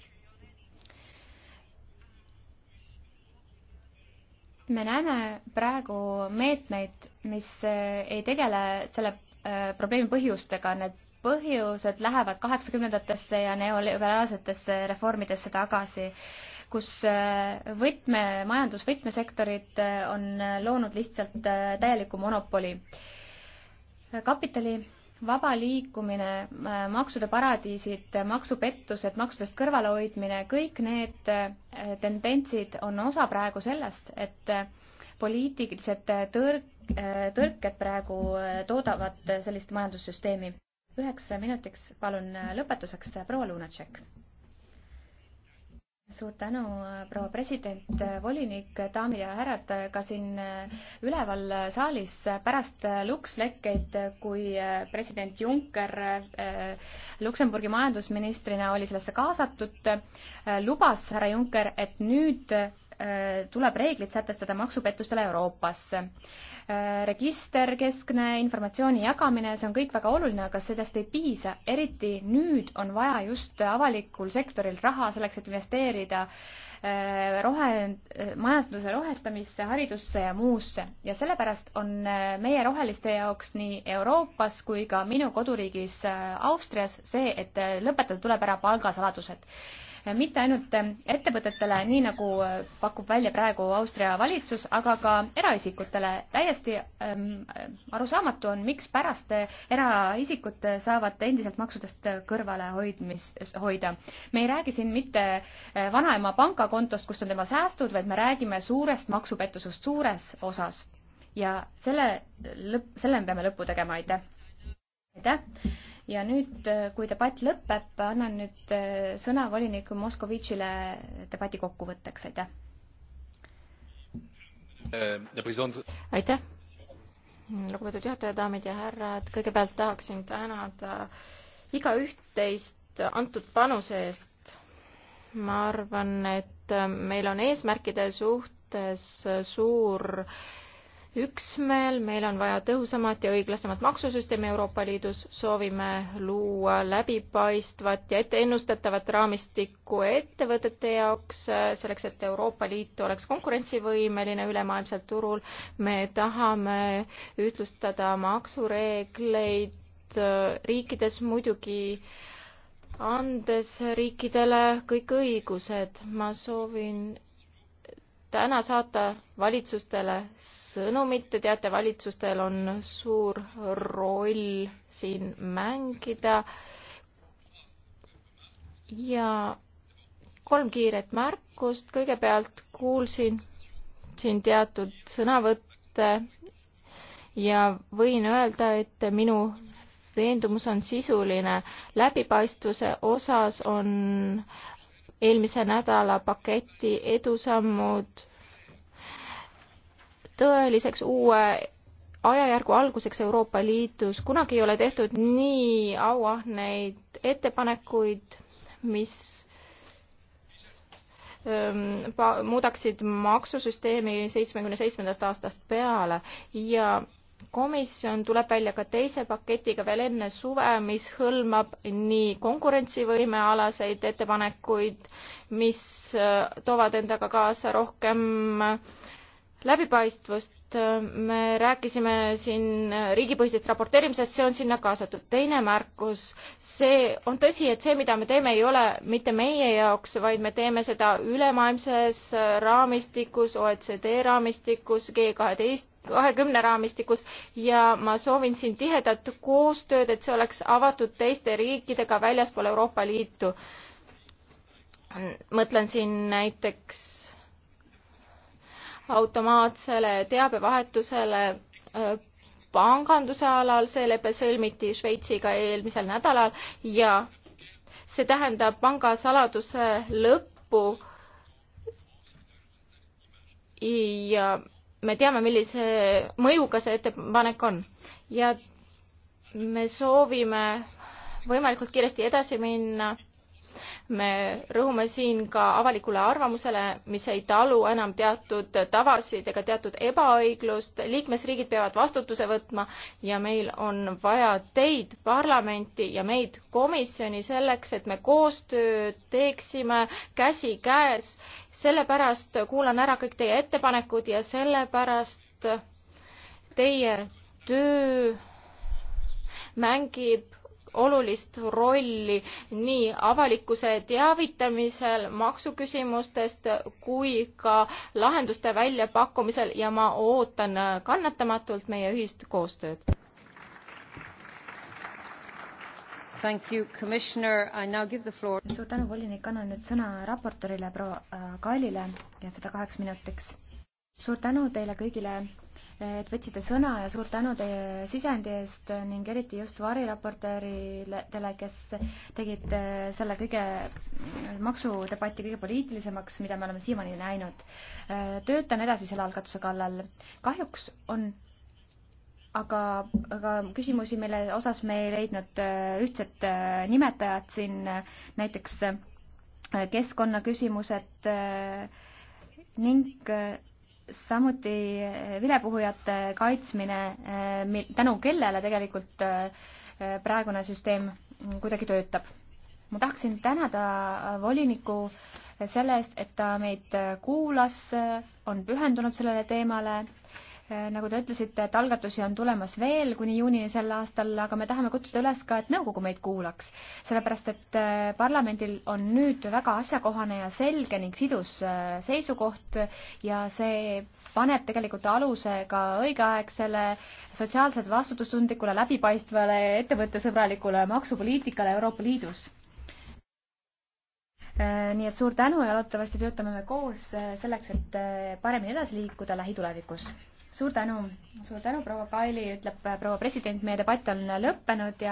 S5: me näeme praegu meetmeid, mis ei tegele selle probleemi põhjustega, need põhjused lähevad kaheksakümnendatesse ja neoliberaalsetesse reformidesse tagasi, kus äh, võtme, majandus võtmesektorid äh, on äh, loonud lihtsalt täieliku monopoli. kapitali vaba liikumine, maksude paradiisid, maksupettused, maksudest kõrvalehoidmine, kõik need tendentsid on osa praegu sellest, et poliitilised tõrg, tõrked praegu toodavad sellist majandussüsteemi üheks minutiks palun äh, lõpetuseks äh, proua Lunatšek. suur tänu, äh, proua president, volinik, daamid ja härrad, ka siin üleval saalis pärast lukslekkeid, kui president Juncker Luksemburgi majandusministrina oli sellesse kaasatud, lubas härra Juncker, et nüüd Äh, tuleb reeglid sätestada maksupettustele Euroopas. Äh, register, keskne informatsiooni jagamine, see on kõik väga oluline, aga sellest ei piisa, eriti nüüd on vaja just avalikul sektoril raha selleks, et investeerida äh, rohe, majanduse rohestamisse, haridusse ja muusse. ja sellepärast on meie roheliste jaoks nii Euroopas kui ka minu koduriigis Austrias see, et lõpetada tuleb ära palgasaladused mitte ainult äh, ettevõtetele, nii nagu äh, pakub välja praegu Austria valitsus, aga ka eraisikutele. täiesti ähm, arusaamatu on, miks pärast eraisikud saavad endiselt maksudest kõrvale hoidmis, hoida. me ei räägi siin mitte äh, vanaema pangakontost, kust on tema säästud, vaid me räägime suurest maksupettusest suures osas. ja selle lõpp, selle me peame lõppu tegema, aitäh! aitäh! ja nüüd, äh, kui debatt lõpeb, annan nüüd äh, sõna volinik
S4: Moskovitšile debati kokkuvõtteks, aitäh.
S5: Äh,
S4: aitäh, lugupeetud juhataja, daamid ja härrad, kõigepealt tahaksin tänada igaüht teist antud panuse eest. ma arvan, et meil on eesmärkide suhtes suur üksmeel, meil on vaja tõhusamat ja õiglasemat maksusüsteemi Euroopa Liidus, soovime luua läbipaistvat ja etteennustatavat raamistikku ettevõtete jaoks, äh, selleks et Euroopa Liit oleks konkurentsivõimeline ülemaailmsel turul. me tahame ühtlustada maksureegleid äh, riikides muidugi andes riikidele kõik õigused. ma soovin täna saata valitsustele sõnumit, te teate, valitsustel on suur roll siin mängida. ja kolm kiiret märkust, kõigepealt kuulsin siin teatud sõnavõtte ja võin öelda, et minu veendumus on sisuline. läbipaistvuse osas on eelmise nädala paketi edusammud tõeliseks uue ajajärgu alguseks Euroopa Liidus. kunagi ei ole tehtud nii auahneid ettepanekuid, mis ähm, muudaksid maksusüsteemi seitsmekümne seitsmendast aastast peale ja komisjon tuleb välja ka teise paketiga veel enne suve, mis hõlmab nii konkurentsivõimealaseid ettepanekuid, mis äh, toovad endaga kaasa rohkem äh, läbipaistvust, me rääkisime siin riigipõhisest raporteerimisest, see on sinna kaasatud. teine märkus, see on tõsi, et see, mida me teeme, ei ole mitte meie jaoks, vaid me teeme seda ülemaailmses raamistikus, OECD raamistikus, G kaheteist, kahekümne raamistikus ja ma soovin siin tihedat koostööd, et see oleks avatud teiste riikidega väljaspool Euroopa Liitu. mõtlen siin näiteks automaatsele teabevahetusele panganduse alal, see lepe sõlmiti Šveitsiga eelmisel nädalal ja see tähendab pangasaladuse lõppu. ja me teame, millise mõjuga see ettepanek on ja me soovime võimalikult kiiresti edasi minna me rõhume siin ka avalikule arvamusele, mis ei talu enam teatud tavasid ega teatud ebaõiglust. liikmesriigid peavad vastutuse võtma ja meil on vaja teid, parlamenti ja meid komisjoni selleks, et me koostööd teeksime käsikäes. sellepärast kuulan ära kõik teie ettepanekud ja sellepärast teie töö mängib olulist rolli nii avalikkuse teavitamisel maksuküsimustest kui ka lahenduste väljapakkumisel ja ma ootan kannatamatult meie ühist koostööd. suur tänu, volinik, annan nüüd
S5: sõna raportorile proua äh, Kaalile ja seda kaheks minutiks. suur tänu teile kõigile et võtsite sõna ja suur tänu teie sisendi eest ning eriti just variraportööridele, kes tegid äh, selle kõige, äh, maksudebati kõige poliitilisemaks, mida me oleme siiamaani näinud. Äh, töötan edasi selle algatuse kallal. kahjuks on aga, aga küsimusi, mille osas me ei leidnud ühtset nimetajat siin, näiteks keskkonnaküsimused ning samuti eh, vilepuhujate kaitsmine, eh, tänu kellele tegelikult eh, praegune süsteem kuidagi töötab. ma tahaksin tänada volinikku selle eest, et ta meid kuulas, on pühendunud sellele teemale Eh, nagu te ütlesite, et algatusi on tulemas veel kuni juunini sel aastal, aga me tahame kutsuda üles ka, et nõukogu meid kuulaks. sellepärast, et eh, parlamendil on nüüd väga asjakohane ja selge ning sidus eh, seisukoht ja see paneb tegelikult aluse ka õigeaegsele sotsiaalselt vastutustundlikule, läbipaistvale, ettevõttesõbralikule maksupoliitikale Euroopa Liidus nii et suur tänu ja loodetavasti töötame me koos selleks, et paremini edasi liikuda lähitulevikus suur tänu, suur tänu, proua Kaili, ütleb äh, proua president, meie debatt on lõppenud
S3: ja